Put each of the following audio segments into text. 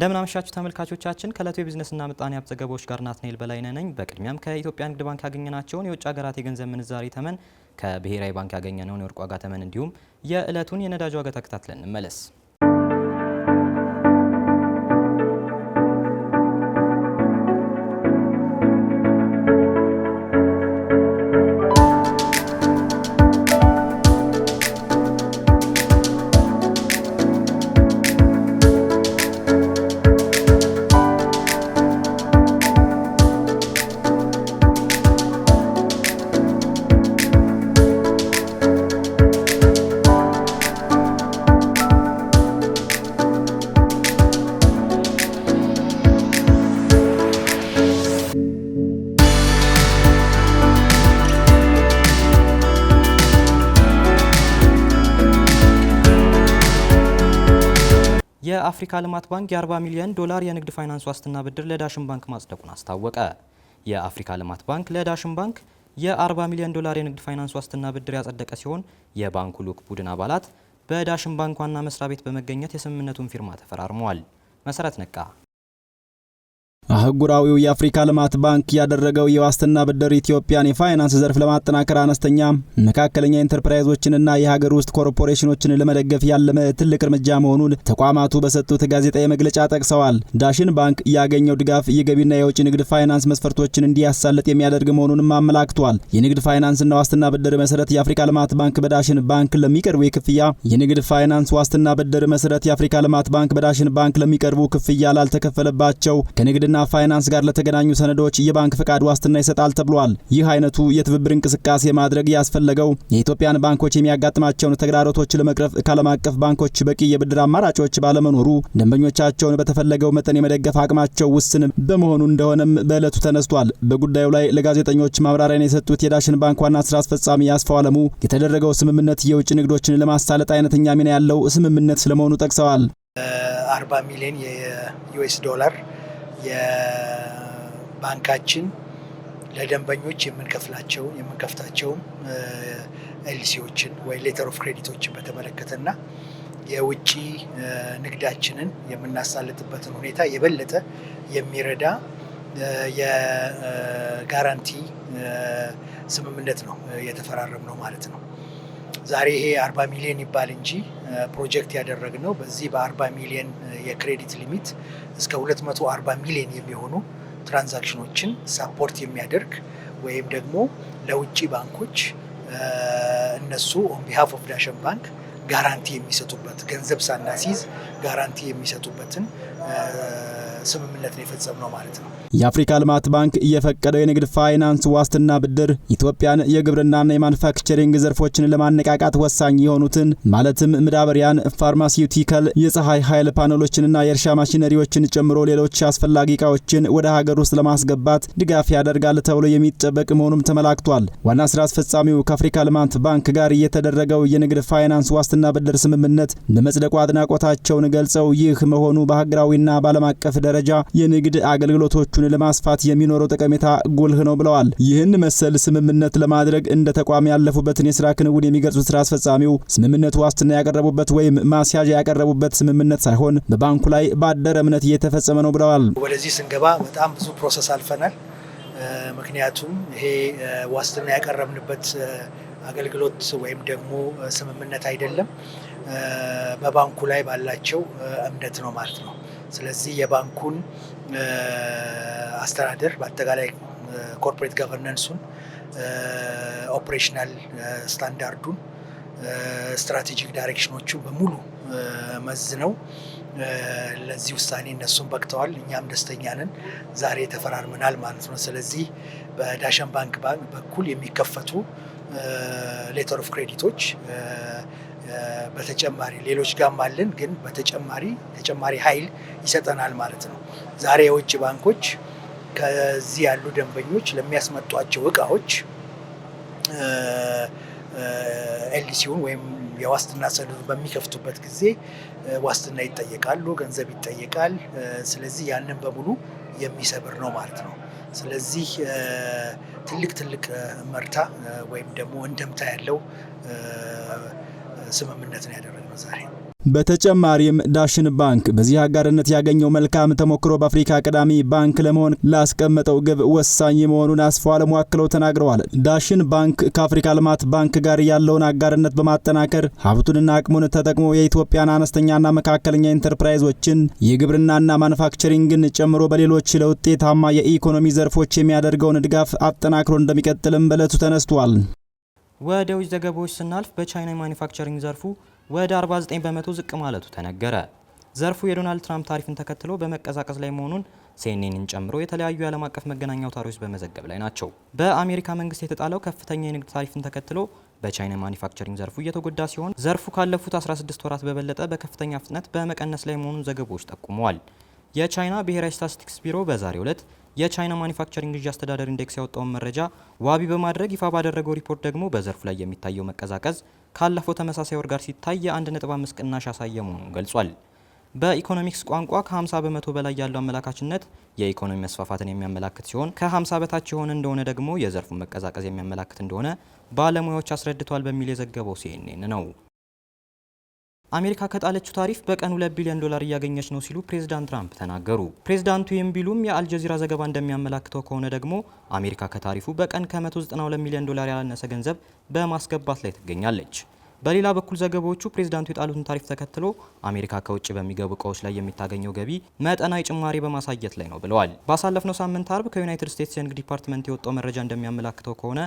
እንደምን አመሻችሁ ተመልካቾቻችን። ከእለቱ የቢዝነስና ምጣኔ ሀብት ዘገባዎች ጋር ናትናኤል በላይነ ነኝ። በቅድሚያም ከኢትዮጵያ ንግድ ባንክ ያገኘናቸውን የውጭ ሀገራት የገንዘብ ምንዛሪ ተመን፣ ከብሔራዊ ባንክ ያገኘነውን የወርቅ ዋጋ ተመን እንዲሁም የእለቱን የነዳጅ ዋጋ ተከታትለን እንመለስ። የአፍሪካ ልማት ባንክ የ40 ሚሊዮን ዶላር የንግድ ፋይናንስ ዋስትና ብድር ለዳሽን ባንክ ማጽደቁን አስታወቀ። የአፍሪካ ልማት ባንክ ለዳሽን ባንክ የ40 ሚሊዮን ዶላር የንግድ ፋይናንስ ዋስትና ብድር ያጸደቀ ሲሆን የባንኩ ልዑክ ቡድን አባላት በዳሽን ባንክ ዋና መስሪያ ቤት በመገኘት የስምምነቱን ፊርማ ተፈራርመዋል። መሰረት ነቃ አህጉራዊው የአፍሪካ ልማት ባንክ ያደረገው የዋስትና ብድር ኢትዮጵያን የፋይናንስ ዘርፍ ለማጠናከር አነስተኛ፣ መካከለኛ ኢንተርፕራይዞችንና የሀገር ውስጥ ኮርፖሬሽኖችን ለመደገፍ ያለመ ትልቅ እርምጃ መሆኑን ተቋማቱ በሰጡት ጋዜጣዊ መግለጫ ጠቅሰዋል። ዳሽን ባንክ ያገኘው ድጋፍ የገቢና የውጭ ንግድ ፋይናንስ መስፈርቶችን እንዲያሳልጥ የሚያደርግ መሆኑንም አመላክቷል። የንግድ ፋይናንስና ዋስትና ብድር መሰረት የአፍሪካ ልማት ባንክ በዳሽን ባንክ ለሚቀርቡ የክፍያ የንግድ ፋይናንስ ዋስትና ብድር መሰረት የአፍሪካ ልማት ባንክ በዳሽን ባንክ ለሚቀርቡ ክፍያ ላልተከፈለባቸው ከንግድና ፋይናንስ ጋር ለተገናኙ ሰነዶች የባንክ ፈቃድ ዋስትና ይሰጣል ተብሏል። ይህ አይነቱ የትብብር እንቅስቃሴ ማድረግ ያስፈለገው የኢትዮጵያን ባንኮች የሚያጋጥማቸውን ተግዳሮቶች ለመቅረፍ ከዓለም አቀፍ ባንኮች በቂ የብድር አማራጮች ባለመኖሩ ደንበኞቻቸውን በተፈለገው መጠን የመደገፍ አቅማቸው ውስን በመሆኑ እንደሆነም በዕለቱ ተነስቷል። በጉዳዩ ላይ ለጋዜጠኞች ማብራሪያን የሰጡት የዳሽን ባንክ ዋና ስራ አስፈጻሚ አስፋው አለሙ የተደረገው ስምምነት የውጭ ንግዶችን ለማሳለጥ አይነተኛ ሚና ያለው ስምምነት ስለመሆኑ ጠቅሰዋል። አርባ ሚሊዮን የዩኤስ ዶላር የባንካችን ለደንበኞች የምንከፍላቸው የምንከፍታቸውም ኤልሲዎችን ወይ ሌተር ኦፍ ክሬዲቶችን በተመለከተና የውጭ ንግዳችንን የምናሳልጥበትን ሁኔታ የበለጠ የሚረዳ የጋራንቲ ስምምነት ነው የተፈራረም ነው ማለት ነው። ዛሬ ይሄ 40 ሚሊዮን ይባል እንጂ ፕሮጀክት ያደረግነው በዚህ በ40 ሚሊዮን የክሬዲት ሊሚት እስከ 240 ሚሊዮን የሚሆኑ ትራንዛክሽኖችን ሳፖርት የሚያደርግ ወይም ደግሞ ለውጭ ባንኮች እነሱ ኦን ቢሃፍ ኦፍ ዳሸን ባንክ ጋራንቲ የሚሰጡበት ገንዘብ ሳናሲዝ ጋራንቲ የሚሰጡበትን ስምምነት ነው የፈጸምነው ማለት ነው። የአፍሪካ ልማት ባንክ የፈቀደው የንግድ ፋይናንስ ዋስትና ብድር ኢትዮጵያን የግብርናና የማኑፋክቸሪንግ ዘርፎችን ለማነቃቃት ወሳኝ የሆኑትን ማለትም ምዳበሪያን፣ ፋርማሲውቲካል፣ የፀሐይ ኃይል ፓነሎችንና የእርሻ ማሽነሪዎችን ጨምሮ ሌሎች አስፈላጊ እቃዎችን ወደ ሀገር ውስጥ ለማስገባት ድጋፍ ያደርጋል ተብሎ የሚጠበቅ መሆኑም ተመላክቷል። ዋና ስራ አስፈጻሚው ከአፍሪካ ልማት ባንክ ጋር የተደረገው የንግድ ፋይናንስ ዋስትና ብድር ስምምነት በመጽደቁ አድናቆታቸውን ገልጸው ይህ መሆኑ በሀገራዊና በዓለም አቀፍ ደረጃ የንግድ አገልግሎቶቹን ለማስፋት የሚኖረው ጠቀሜታ ጉልህ ነው ብለዋል። ይህን መሰል ስምምነት ለማድረግ እንደ ተቋም ያለፉበትን የስራ ክንውን የሚገልጹት ስራ አስፈጻሚው ስምምነቱ ዋስትና ያቀረቡበት ወይም ማስያዣ ያቀረቡበት ስምምነት ሳይሆን በባንኩ ላይ ባደረ እምነት እየተፈጸመ ነው ብለዋል። ወደዚህ ስንገባ በጣም ብዙ ፕሮሰስ አልፈናል። ምክንያቱም ይሄ ዋስትና ያቀረብንበት አገልግሎት ወይም ደግሞ ስምምነት አይደለም። በባንኩ ላይ ባላቸው እምነት ነው ማለት ነው። ስለዚህ የባንኩን አስተዳደር በአጠቃላይ ኮርፖሬት ገቨርነንሱን፣ ኦፕሬሽናል ስታንዳርዱን፣ ስትራቴጂክ ዳይሬክሽኖቹን በሙሉ መዝነው ለዚህ ውሳኔ እነሱም በቅተዋል፣ እኛም ደስተኛ ነን። ዛሬ ተፈራርመናል ማለት ነው። ስለዚህ በዳሸን ባንክ ባንክ በኩል የሚከፈቱ ሌተር ኦፍ ክሬዲቶች በተጨማሪ ሌሎች ጋም አለን፣ ግን በተጨማሪ ተጨማሪ ኃይል ይሰጠናል ማለት ነው። ዛሬ የውጭ ባንኮች ከዚህ ያሉ ደንበኞች ለሚያስመጧቸው እቃዎች ኤልዲሲውን ወይም የዋስትና ሰነዱን በሚከፍቱበት ጊዜ ዋስትና ይጠየቃሉ፣ ገንዘብ ይጠየቃል። ስለዚህ ያንን በሙሉ የሚሰብር ነው ማለት ነው። ስለዚህ ትልቅ ትልቅ መርታ ወይም ደግሞ እንደምታ ያለው ስምምነት ነው ያደረግነው ዛሬ። በተጨማሪም ዳሽን ባንክ በዚህ አጋርነት ያገኘው መልካም ተሞክሮ በአፍሪካ ቀዳሚ ባንክ ለመሆን ላስቀመጠው ግብ ወሳኝ መሆኑን አስፋ አለሙ አክለው ተናግረዋል። ዳሽን ባንክ ከአፍሪካ ልማት ባንክ ጋር ያለውን አጋርነት በማጠናከር ሀብቱንና አቅሙን ተጠቅሞ የኢትዮጵያን አነስተኛና መካከለኛ ኢንተርፕራይዞችን የግብርናና ማኑፋክቸሪንግን ጨምሮ በሌሎች ለውጤታማ የኢኮኖሚ ዘርፎች የሚያደርገውን ድጋፍ አጠናክሮ እንደሚቀጥልም በለቱ ተነስቷል። ወደ ውጭ ዘገባዎች ስናልፍ በቻይና የማኒፋክቸሪንግ ዘርፉ ወደ 49 በመቶ ዝቅ ማለቱ ተነገረ። ዘርፉ የዶናልድ ትራምፕ ታሪፍን ተከትሎ በመቀዛቀዝ ላይ መሆኑን ሲኤንኤንን ጨምሮ የተለያዩ የዓለም አቀፍ መገናኛ አውታሮች በመዘገብ ላይ ናቸው። በአሜሪካ መንግስት የተጣለው ከፍተኛ የንግድ ታሪፍን ተከትሎ በቻይና ማኒፋክቸሪንግ ዘርፉ እየተጎዳ ሲሆን ዘርፉ ካለፉት 16 ወራት በበለጠ በከፍተኛ ፍጥነት በመቀነስ ላይ መሆኑን ዘገባዎች ጠቁመዋል። የቻይና ብሔራዊ ስታቲስቲክስ ቢሮ በዛሬው ዕለት የቻይና ማኒፋክቸሪንግ ግዢ አስተዳደር ኢንዴክስ ያወጣውን መረጃ ዋቢ በማድረግ ይፋ ባደረገው ሪፖርት ደግሞ በዘርፍ ላይ የሚታየው መቀዛቀዝ ካለፈው ተመሳሳይ ወር ጋር ሲታይ ነጥብ 15 ቅናሽ ያሳየ መሆኑን ገልጿል። በኢኮኖሚክስ ቋንቋ ከ50 በመቶ በላይ ያለው አመላካችነት የኢኮኖሚ መስፋፋትን የሚያመላክት ሲሆን ከ50 በታች የሆነ እንደሆነ ደግሞ የዘርፉን መቀዛቀዝ የሚያመላክት እንደሆነ ባለሙያዎች አስረድተዋል በሚል የዘገበው ሲኤንኤን ነው። አሜሪካ ከጣለችው ታሪፍ በቀን 2 ቢሊዮን ዶላር እያገኘች ነው ሲሉ ፕሬዝዳንት ትራምፕ ተናገሩ። ፕሬዝዳንቱ ይህም ቢሉም የአልጀዚራ ዘገባ እንደሚያመላክተው ከሆነ ደግሞ አሜሪካ ከታሪፉ በቀን ከ192 ሚሊዮን ዶላር ያላነሰ ገንዘብ በማስገባት ላይ ትገኛለች። በሌላ በኩል ዘገባዎቹ ፕሬዚዳንቱ የጣሉትን ታሪፍ ተከትሎ አሜሪካ ከውጭ በሚገቡ እቃዎች ላይ የሚታገኘው ገቢ መጠናዊ ጭማሪ በማሳየት ላይ ነው ብለዋል። ባሳለፍነው ሳምንት አርብ ከዩናይትድ ስቴትስ የንግድ ዲፓርትመንት የወጣው መረጃ እንደሚያመላክተው ከሆነ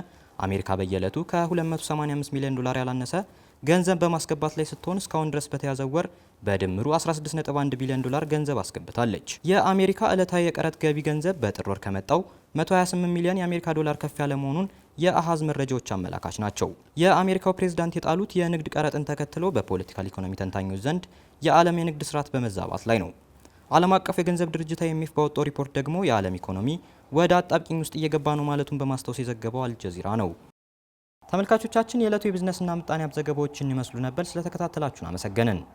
አሜሪካ በየዕለቱ ከ285 ሚሊዮን ዶላር ያላነሰ ገንዘብ በማስገባት ላይ ስትሆን እስካሁን ድረስ በተያዘ ወር በድምሩ 16.1 ቢሊዮን ዶላር ገንዘብ አስገብታለች። የአሜሪካ ዕለታዊ የቀረጥ ገቢ ገንዘብ በጥር ወር ከመጣው 128 ሚሊዮን የአሜሪካ ዶላር ከፍ ያለ መሆኑን የአሃዝ መረጃዎች አመላካች ናቸው። የአሜሪካው ፕሬዝዳንት የጣሉት የንግድ ቀረጥን ተከትሎ በፖለቲካል ኢኮኖሚ ተንታኞች ዘንድ የዓለም የንግድ ስርዓት በመዛባት ላይ ነው። ዓለም አቀፍ የገንዘብ ድርጅት አይኤምኤፍ ባወጣው ሪፖርት ደግሞ የዓለም ኢኮኖሚ ወደ አጣብቂኝ ውስጥ እየገባ ነው ማለቱን በማስታወስ የዘገበው አልጀዚራ ነው። ተመልካቾቻችን የዕለቱ የቢዝነስና ምጣኔ ሀብት ይመስሉ ነበር። ስለተከታተላችሁን አመሰገንን።